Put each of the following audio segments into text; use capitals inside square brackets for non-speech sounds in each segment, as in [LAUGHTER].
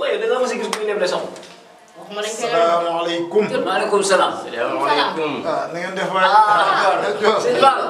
waaye da nga mos a gis bu ñu dem de sax. waxuma dañ koy laaj salaamaaleykum. maaleykum salaam. salaamaaleykum. ah na ngeen def waay. ah, ah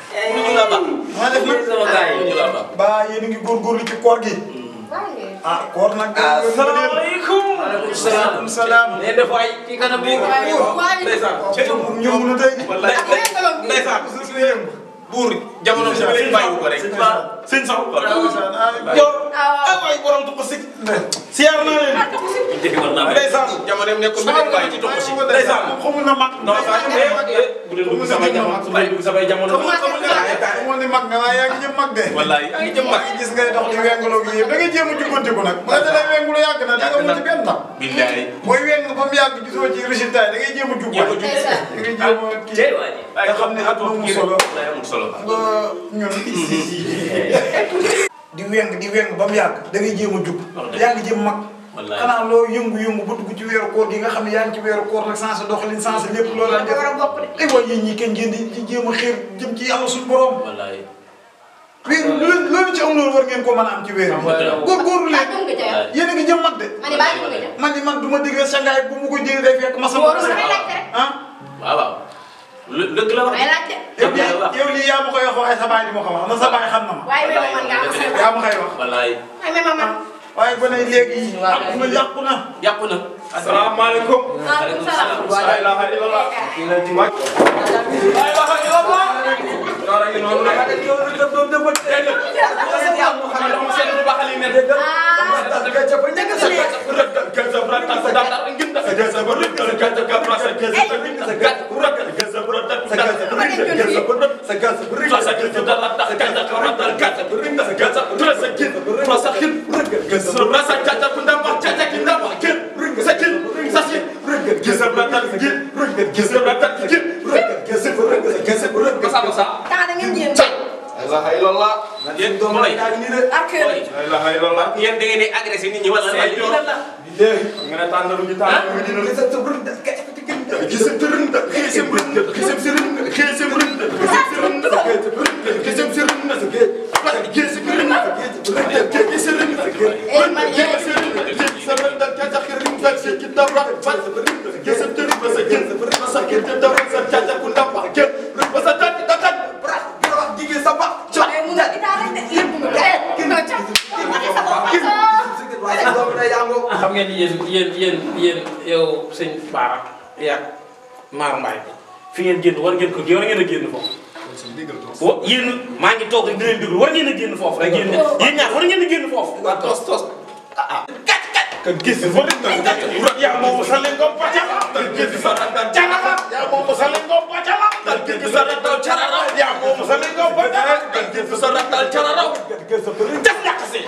mënuñu la baax. maa def nag sama gars yi mënuñu la baax. ba yéen a ngi góorgóorlu ci koor gi. ah koor nag. asalaamaaleykum. maaleykum salaam maaleykum salaam. mais des fois buur jamono si bële bàyyi ko rek. sëñ sax ko rek. yow ah waay borom tuq si. siyaar naa leen. Ah, ndeysaan jamono nekkul ba léegi bàyyi tuq si. ndeysaan xamul na ma. non saa yu bëri bu dee dugg samay jamono dugg samay jamono. xamoon ne mag nga naa yaa ngi jëm mag de. wallaay yaa ngi jëm mag gis ngay dox di wenguloo gi yëpp da nga jéem a jubbantiku nag. bu la dalee wengulu yàgg na da nga mujj benn tam. billaay booy weng ba mu yàgg gisoo ci résultat yi da ngay jéem a jubbanti. jéem a jubbanti da ngay jéem a ah, kii nga xam ne at mu solo. amul solo nga ñun. [LAUGHS] di weng di weng ba mu yàgg da ngay jéem a jub. yaa ngi jëm mag wallaay xanaa loo yëngu-yëngu ba dugg ci weeru koor gi nga xam ne yaa ngi ci weeru koor nag sensé doxalin sensé lépp loolu daal war a bokk de ay waay yéen ñi kenn ngeen loolu ci am loolu war ngeen ko mën a am ci weer bi góorgóorlu leen yéen a ngi jëm mag de man ni man du ma diggee sangaay bu mu ko jëlee day fekk ma sama ah waaw waaw dëgg la wax yow lii yaa ma koy wax waaye sa ma ko wax na sa baay xam na ma yaa ma koy wax waaye ba ne léegi. waaw na yàqu na yàqu na. asalaamaaleykum. maaleykum salaam. laa ilaaha illallah. laa ilaaha illallah. yéen doom lay tàng nii de. ak yéen da ngeen di agressé nit ñi wala la. nga ne tàndalu ñu tàndalu ñu dina. ah gis nga xam ngeen yéen yéen yéen yéen yow sëñ Baara ya, Mar Mbaye bi fi ngeen génn war ngeen ko war ngeen a génn foofu wa yéen maa ngi toog rek di leen déglu war ngeen a génn foofu rek yéen yéen ñaar war ngeen a génn foofu tos tos ah kat kat kan gis ba dem tan yaa moom sa leen ko pacal tan gis sa tan tan carara yaa moom sa leen ko pacal tan gis sa tan tan carara yaa moom sa leen ko gis gis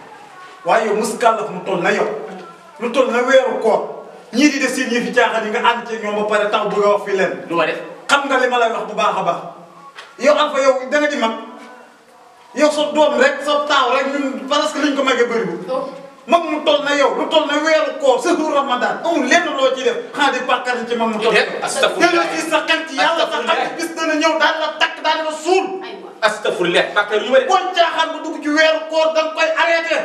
waaye yow mos kàllaf mu toll na yow lu toll na weeru koor ñii di def seen ñi fi caaxaan yi nga ànd ci ñoom ba pare taw bëgg a leen. lu xam nga li ma lay wax bu baax a baax yow Alpha yow danga di mag yow sa doom rek sa taaw rek ñun parce que liñ ko magee bëriwul. mag mu toll na yow lu toll na weeru koor sa jour ramadan amul lenn loo ciy def xanaa di bàkkaar ci mag mu toll. astafurlah ci sa xel ci yàlla sa xam ne bis dana ñëw daal la takk daal la suul. astafurlah bàkkaar yu ma def. dugg ci weeru koor da nga koy arrêté.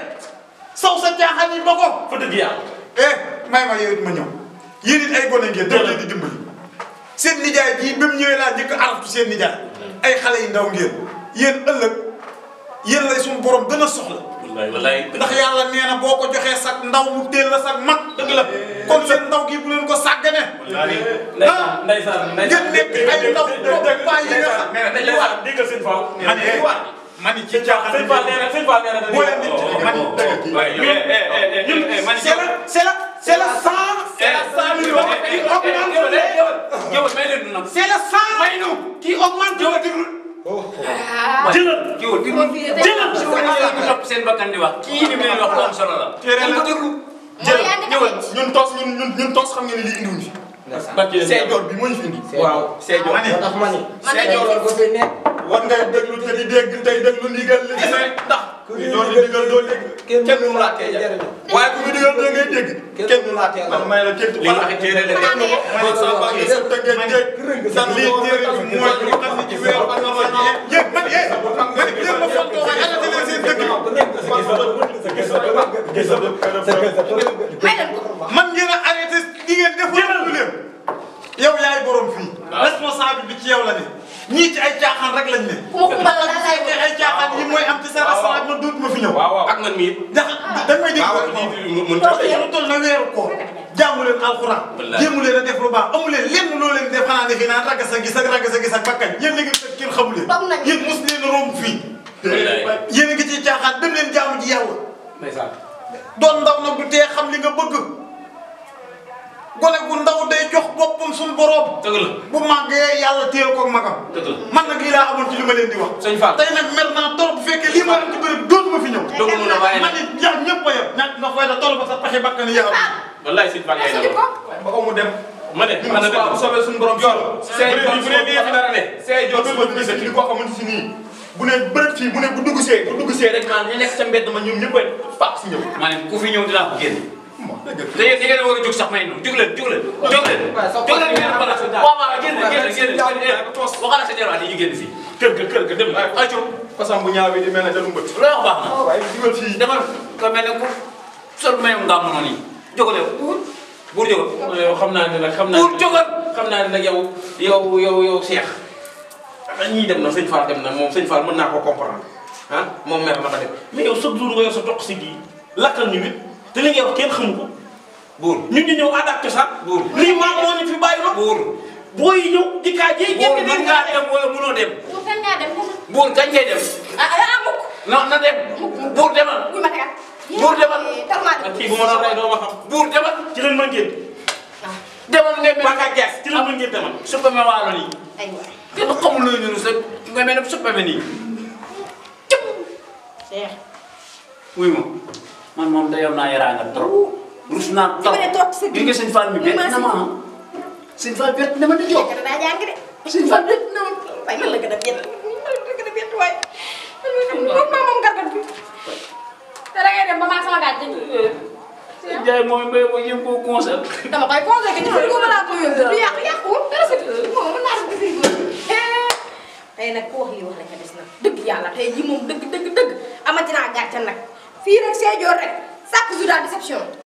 saw sa caaxaan yi ma ko fa dëgg yàlla. eh may ma yow it ma ñëw yéen ay gone ngeen. dëgg la di dimbali. seen nijaay jii ba mu ñëwee laa njëkk a araftu seen nijaay. ay xale yu ndaw ngeen yéen ëllëg yéen lay suñu borom gën a soxla. wallaay wallaay ndax yàlla nee boo ko joxee sax ndaw mu teel la sax mag. dëgg la kon seen ndaw gi bu leen ko sàggane. wallaay ndeysaan ndeysaan ndeysaan ngeen nekk ay ndaw bopp paa yi nga xam. ndeysaan ndeysaan mani ci caaxaan sëñ Ba nee na sëñ Ba nee na dañuy boole nit ci mani dëgg mani c'est la c'est la c'est la sang c'est la sang qui augmente yow may leen nag c'est la sang may nu qui augmente yow déglu jëlal yow déglu jëlal su ko defee topp seen bakkan di wax kii ni muy wax lu am solo la téere la déglu jëlal ñëwal ñun toos ñun ñun ñun toos xam nga ne lii indiwuñ fi seejoor bi moo ñu fi indi waaw seejoor mani seejoor ko fi nekk war ngay déglu te di dégg tey déglu ndigal li fi ne eh, ndax doo di digal doo dégg kenn mu laa tee waaye ku ñu digal da ngay dégg kenn mu laa tee may la képp li wax téere la kenn ko man sa ba ngi sa tege dégg sa li téere mooy lu tax ni ci wéeru ak sama ñi yéen man yéen man yéen ma fontoo ma ala télé seen dëkk man ngeen a arrêté di ngeen defoo lu leen yow yaay borom fii responsable bi ci yow la ne ñii ay caaxaan rek lañ ne. mu mbal la say bu ay mooy am ci sa restaurant ak man mii. ndax ah. dañ may dégg. waaw mën na toll ko jàngu alxuraan. leen a def lu baax amu leen lenn loo leen def naan ragas a gis ak ragas a gis bakkañ yéen a ngi fekk kenn xamu leen. toog leen romb fii. yéen a ngi ci caaxaan dem leen jaamu ji yàlla. doon ndaw nag du tee xam li nga bëgg jox bopum suñu borom dëgg la bu magge yalla teew ko magam dëgg la man nag lii laa ci luma len di wax seigne Fall tay nak mer naa trop bu fekkee ma leen ci bëri dootu ma fi ñew dëgg na waye man nit yax ñepp a yem ñàkk nga fay da torop ba sa paxe bakkan yaram wallahi seigne Fall yaay ba ko mu dem mané mané ma ne sobe sun borom jor sey joor bu ne bi fi dara sey joor suba bi ci ko xamante ci ni bu ne bërët fii bu ne bu dugg bu dugg rek man ñu nekk sa mbedd ma ñoom ñepp a fàq si ñëw ku fi ñew dina ko génn te yéen da ngeen war a jóg sax may noonu jóg leen jóg leen. jóg leen jóg leen ngeen palaas waaw waaw génn si génn waxal sa jarwaat yi ñu génn fii kër ga kër ga dem ayco kosam bu ñaaw bi di mel ne dalu mbët loo na fii dama ko mel ne ku sol nga am noonu yi jógale buur jógal yow xam naa ne nag xam naa buur jógal xam naa ne nag yow yow yow yow Cheikh ah, ñii dem na sëñ Fall dem na moom sëñ Fall mën naa ko comprendre ah moom mer ma ba dem mais yow sa duur nga yow sa toq si gii lakkal ñu it te li ngay xamu ko. buur ñun ñu ñëw ànd cosaan. buur lii maam moo ñu fi bàyyi la. buur booy yi ñëw di kaa jëye. buur mën ngaa dem wala mënoo dem. buur kañ ngaa dem. buur kañ ngay dem. Ah, ah, ah, na kii ma doon rey doo ma xam. buur ci leen mën ngeen. demal ngay mel. Paka Dias nii. nga mel ne suppame nii. cëpp. wuy ma. man moom da yow naa yaraanga trop rus naa trop gi nga sëñ Fall mi bett na ma sëñ Fall bett na ma di jox sëñ Fall bett na ma waaye la gën a bett la gën a bett waaye moom maa bi te ngay dem ba maa sama gaaj dañ jaay moom mo yëm ko conseil dama koy conseil ki ñu ko mala ko yëm du yàq yàqu dara sa moom mën naa ko fi tey nag ku wax lii wax la ca des nag dëgg yàlla tey ji moom dëgg dëgg dëgg amati naa gàcce fii rek see joor rek chaque jour daal déception.